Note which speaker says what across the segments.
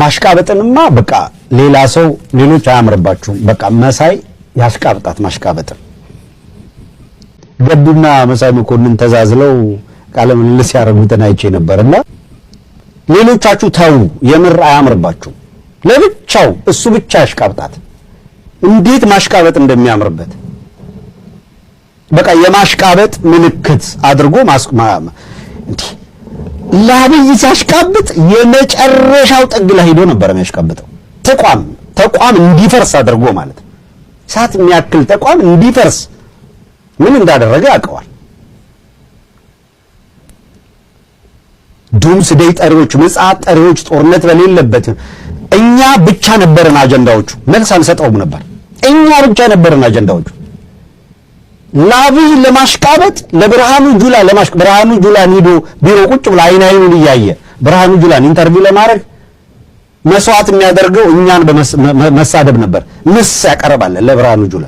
Speaker 1: ማሽቃበጥንማ በቃ ሌላ ሰው ሌሎች አያምርባችሁም። በቃ መሳይ ያሽቃብጣት ማሽቃበጥን። ገዱና መሳይ መኮንን ተዛዝለው ቃለ ምልልስ ያደረጉትን አይቼ ነበርና ሌሎቻችሁ ተው፣ የምር አያምርባችሁም። ለብቻው እሱ ብቻ ያሽቃብጣት። እንዴት ማሽቃበጥ እንደሚያምርበት በቃ የማሽቃበጥ ምልክት አድርጎ እንዴ ለአብይ ሲያሽቃብጥ የመጨረሻው ጥግ ላይ ሄዶ ነበር የሚያሽቃብጠው። ተቋም ተቋም እንዲፈርስ አድርጎ ማለት እሳት የሚያክል ተቋም እንዲፈርስ ምን እንዳደረገ ያውቀዋል። ዱምስ ስደይ ጠሪዎች፣ ምጽአት ጠሪዎች፣ ጦርነት በሌለበት እኛ ብቻ ነበርን አጀንዳዎቹ። መልስ አንሰጠውም ነበር። እኛ ብቻ ነበርን አጀንዳዎቹ። ላብህ ለማሽቃበጥ ለብርሃኑ ጁላ ለማሽቅ ብርሃኑ ጁላን ሂዶ ቢሮ ቁጭ ብሎ አይን አይኑን እያየ ብርሃኑ ጁላን ኢንተርቪው ለማድረግ መስዋዕት የሚያደርገው እኛን በመሳደብ ነበር። ምስ ያቀርባለ ለብርሃኑ ጁላ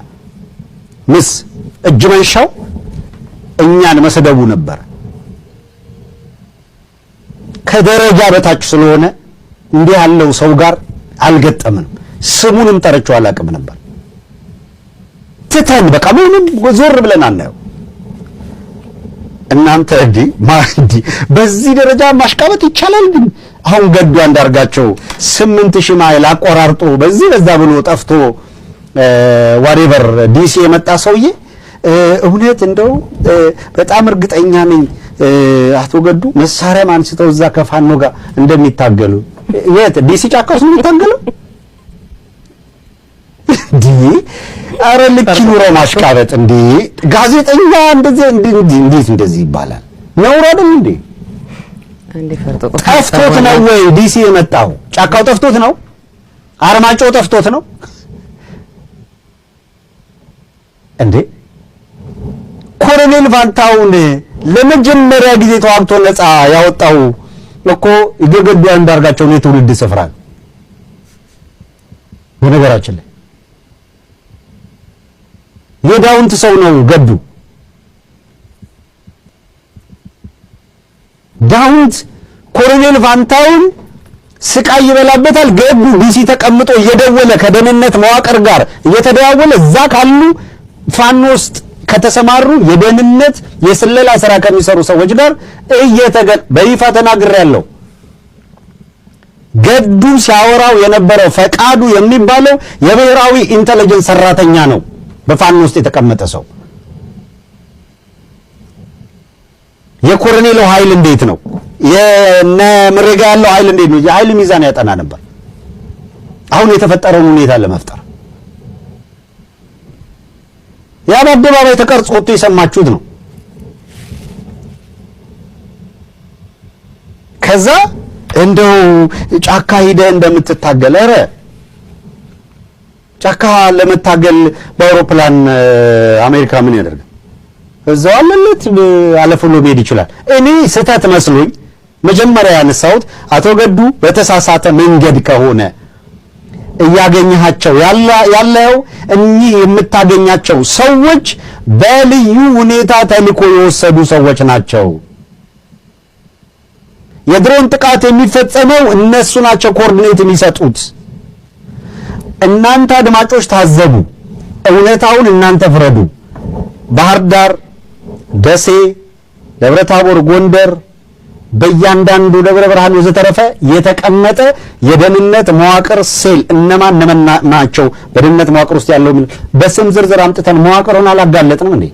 Speaker 1: ምስ እጅ መንሻው እኛን መስደቡ ነበር። ከደረጃ በታች ስለሆነ እንዲህ ያለው ሰው ጋር አልገጠምንም። ስሙንም ጠርቼው አላቅም ነበር። ትተን በቃ ምንም ዞር ብለን አናየው። እናንተ እንዲ ማንዲ በዚህ ደረጃ ማሽቃበጥ ይቻላል? ግን አሁን ገዱ አንዳርጋቸው ስምንት ሺህ ማይል አቆራርጦ በዚህ በዛ ብሎ ጠፍቶ ዋሬቨር ዲሲ የመጣ ሰውዬ እውነት እንደው በጣም እርግጠኛ ነኝ አቶ ገዱ መሳሪያም አንስተው እዛ ከፋኖ ጋር እንደሚታገሉ የት ዲሲ ጫካ ውስጥ ነው የሚታገለው። እንዲህ ኧረ ልክ ኑሮ ማሽቃበጥ እንዴ ጋዜጠኛ እንደዚህ እንዴት እንደዚህ ይባላል? ነውር አይደል እንዴ? ጠፍቶት ነው ወይ ዲሲ የመጣው? ጫካው ጠፍቶት ነው? አርማጮው ጠፍቶት ነው እንዴ? ኮሎኔል ፋንታውን ለመጀመሪያ ጊዜ ተዋግቶ ነፃ ያወጣው እኮ የገገቢያ አንዳርጋቸው ነው የትውልድ ስፍራ። በነገራችን ላይ የዳውንት ሰው ነው ገዱ። ዳውንት ኮሎኔል ፋንታውን ስቃይ ይበላበታል። ገዱ ቢሲ ተቀምጦ እየደወለ ከደህንነት መዋቅር ጋር እየተደዋወለ እዛ ካሉ ፋኖ ውስጥ ከተሰማሩ የደህንነት የስለላ ስራ ከሚሰሩ ሰዎች ጋር እየተገ በይፋ ተናግሬያለሁ። ገዱ ሲያወራው የነበረው ፈቃዱ የሚባለው የብሔራዊ ኢንተለጀንስ ሰራተኛ ነው። በፋኖ ውስጥ የተቀመጠ ሰው የኮሎኔሉ ኃይል እንዴት ነው? የነ ምርጋ ያለው ኃይል እንዴት ነው? የኃይል ሚዛን ያጠና ነበር። አሁን የተፈጠረውን ሁኔታ ለመፍጠር ያ በአደባባይ ተቀርጾ ወጥቶ የሰማችሁት ነው። ከዛ እንደው ጫካ ሂደ እንደምትታገለ ኧረ ጫካ ለመታገል በአውሮፕላን አሜሪካ ምን ያደርግ? እዛው አለለት አለፍ መሄድ ይችላል። እኔ ስህተት መስሎኝ መጀመሪያ ያነሳሁት አቶ ገዱ በተሳሳተ መንገድ ከሆነ እያገኘሃቸው ያለው እኚህ የምታገኛቸው ሰዎች በልዩ ሁኔታ ተልኮ የወሰዱ ሰዎች ናቸው። የድሮን ጥቃት የሚፈጸመው እነሱ ናቸው፣ ኮኦርዲኔት የሚሰጡት እናንተ አድማጮች ታዘቡ፣ እውነታውን እናንተ ፍረዱ። ባህር ዳር፣ ደሴ፣ ደብረ ታቦር፣ ጎንደር በእያንዳንዱ ደብረ ብርሃን ወዘተረፈ የተቀመጠ የደህንነት መዋቅር ሴል እነማን ነመና ናቸው? በደህንነት መዋቅር ውስጥ ያለው በስም ዝርዝር አምጥተን መዋቅሩን አላጋለጥንም እንዴ?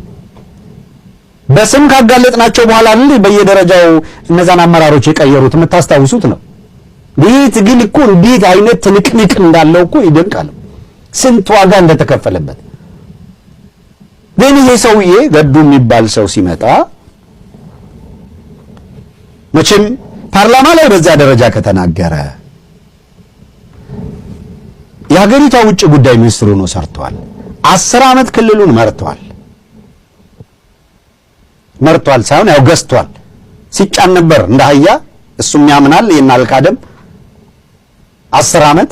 Speaker 1: በስም ካጋለጥናቸው በኋላ እንዴ በየደረጃው እነዛን አመራሮች የቀየሩት የምታስታውሱት ነው። ቤት ግን እኮ እንዴት አይነት ትንቅንቅ እንዳለው እኮ ይደንቃል። ስንት ዋጋ እንደተከፈለበት ግን ይሄ ሰውዬ ገዱ የሚባል ሰው ሲመጣ መቼም ፓርላማ ላይ በዛ ደረጃ ከተናገረ የሀገሪቷ ውጭ ጉዳይ ሚኒስትር ሆኖ ሰርቷል። አስር ዓመት ክልሉን መርቷል። መርቷል ሳይሆን ያው ገዝቷል። ሲጫን ነበር እንደ አህያ። እሱም ያምናል ይህን አስር ዓመት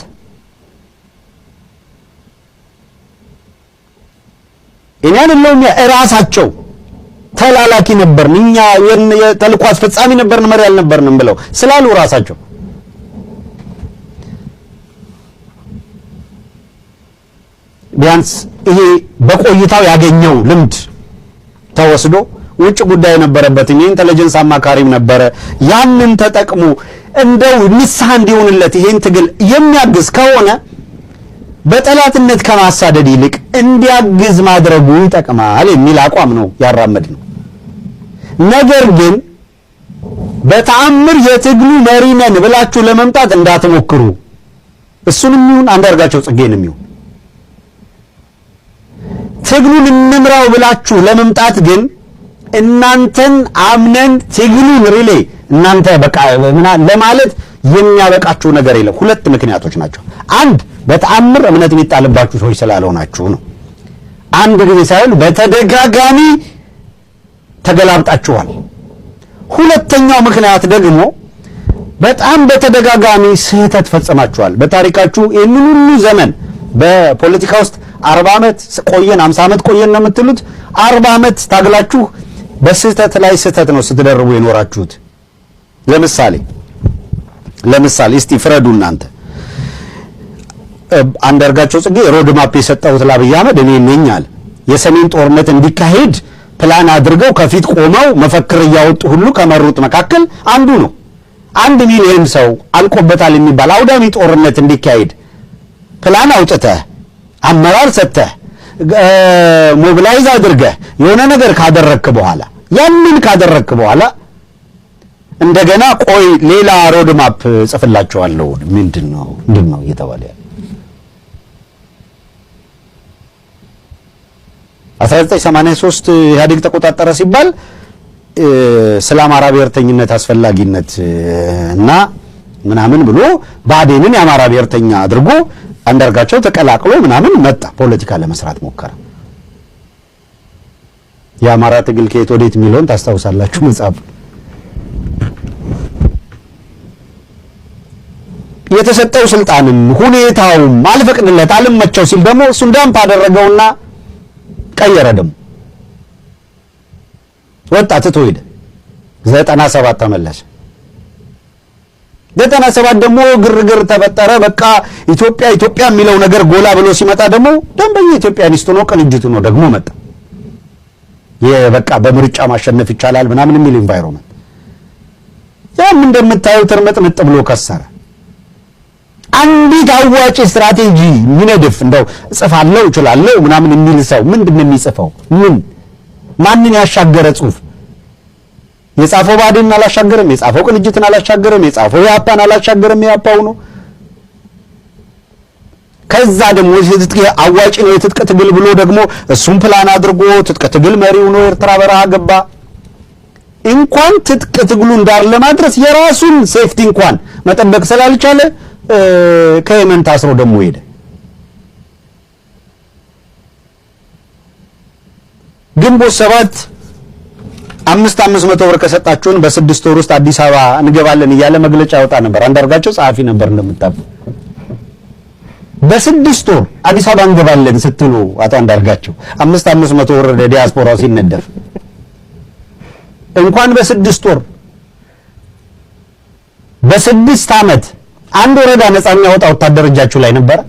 Speaker 1: እኛ አይደለሁም እራሳቸው ተላላኪ ነበርን እኛ የተልዕኮ አስፈጻሚ ነበርን መሪ አልነበርንም ብለው ስላሉ ራሳቸው ቢያንስ ይሄ በቆይታው ያገኘው ልምድ ተወስዶ ውጭ ጉዳይ ነበረበት የኢንተለጀንስ አማካሪም ነበረ ያንን ተጠቅሞ እንደው ንስሐ እንዲሆንለት ይሄን ትግል የሚያግዝ ከሆነ በጠላትነት ከማሳደድ ይልቅ እንዲያግዝ ማድረጉ ይጠቅማል የሚል አቋም ነው ያራመድ ነው። ነገር ግን በተአምር የትግሉ መሪ ነን ብላችሁ ለመምጣት እንዳትሞክሩ። እሱንም ይሁን አንዳርጋቸው ጽጌንም ይሁን ትግሉን እንምራው ብላችሁ ለመምጣት ግን እናንተን አምነን ትግሉን ሪሌ እናንተ በቃ ምና ለማለት የሚያበቃችሁ ነገር የለም። ሁለት ምክንያቶች ናቸው። አንድ በተአምር እምነት የሚጣልባችሁ ሰዎች ስላልሆናችሁ ነው። አንድ ጊዜ ሳይሆን በተደጋጋሚ ተገላብጣችኋል። ሁለተኛው ምክንያት ደግሞ በጣም በተደጋጋሚ ስህተት ፈጽማችኋል። በታሪካችሁ ይህንን ሁሉ ዘመን በፖለቲካ ውስጥ አርባ ዓመት ቆየን፣ አምሳ ዓመት ቆየን ነው የምትሉት። አርባ ዓመት ታግላችሁ በስህተት ላይ ስህተት ነው ስትደርቡ የኖራችሁት። ለምሳሌ ለምሳሌ እስቲ ፍረዱ እናንተ። አንዳርጋቸው ጽጌ ሮድ ማፕ የሰጠሁት ለአብይ አህመድ እኔ ነኝ አለ። የሰሜን ጦርነት እንዲካሄድ ፕላን አድርገው ከፊት ቆመው መፈክር እያወጡ ሁሉ ከመሩት መካከል አንዱ ነው። አንድ ሚሊዮን ሰው አልቆበታል የሚባል አውዳሚ ጦርነት እንዲካሄድ ፕላን አውጥተህ አመራር ሰጥተህ ሞቢላይዝ አድርገህ የሆነ ነገር ካደረግክ በኋላ ያንን ካደረግክ በኋላ እንደገና ቆይ ሌላ ሮድማፕ ጽፍላችኋለሁ። ምንድን ነው ምንድን ነው እየተባለ ያለ 1983 ኢህአዴግ ተቆጣጠረ ሲባል ስለ አማራ ብሔርተኝነት አስፈላጊነት እና ምናምን ብሎ ብአዴንን የአማራ ብሔርተኛ አድርጎ አንዳርጋቸው ተቀላቅሎ ምናምን መጣ። ፖለቲካ ለመስራት ሞከረ። የአማራ ትግል ከየት ወዴት የሚለውን ታስታውሳላችሁ መጽሐፍ የተሰጠው ስልጣንም ሁኔታውም አልፈቅድለት አልመቸው ሲል ደግሞ እሱን ዳምፕ አደረገውና ቀየረ። ደግሞ ወጣ ትቶ ሄደ። ዘጠና ሰባት ተመለሰ። ዘጠና ሰባት ደግሞ ግርግር ተፈጠረ። በቃ ኢትዮጵያ ኢትዮጵያ የሚለው ነገር ጎላ ብሎ ሲመጣ ደግሞ ደንበኛ ኢትዮጵያኒስት ሆኖ ቅንጅት ሆኖ ደግሞ መጣ። በቃ በምርጫ ማሸነፍ ይቻላል ምናምን የሚል ኢንቫይሮመንት ያም እንደምታየው ትርምጥምጥ ብሎ ከሰረ። አቤት አዋጭ ስትራቴጂ የሚነድፍ እንደው እጽፋለሁ እችላለሁ ምናምን የሚል ሰው ምንድን ነው የሚጽፈው? ምን ማንን ያሻገረ ጽሁፍ የጻፈው ባዴን አላሻገረም። የጻፈው ቅንጅትን አላሻገረም። የጻፈው የአፓን አላሻገረም። የአፓው ነው። ከዛ ደግሞ አዋጭ ነው የትጥቅ ትግል ብሎ ደግሞ እሱም ፕላን አድርጎ ትጥቅ ትግል መሪው ነው ኤርትራ በረሃ ገባ። እንኳን ትጥቅ ትግሉን እንዳለ ለማድረስ የራሱን ሴፍቲ እንኳን መጠበቅ ስላልቻለ ከየመን ታስሮ ደግሞ ሄደ። ግንቦት ሰባት አምስት አምስት መቶ ብር ከሰጣችሁን በስድስት ወር ውስጥ አዲስ አበባ እንገባለን እያለ መግለጫ ያወጣ ነበር። አንዳርጋቸው ጸሐፊ ነበር እንደምታውቁ። በስድስት ወር አዲስ አበባ እንገባለን ስትሉ አቶ አንዳርጋቸው አምስት አምስት መቶ ብር ለዲያስፖራው ሲነደፍ እንኳን በስድስት ወር በስድስት ዓመት አንድ ወረዳ ነፃ የሚያወጣ ወታደር እጃችሁ ላይ ነበር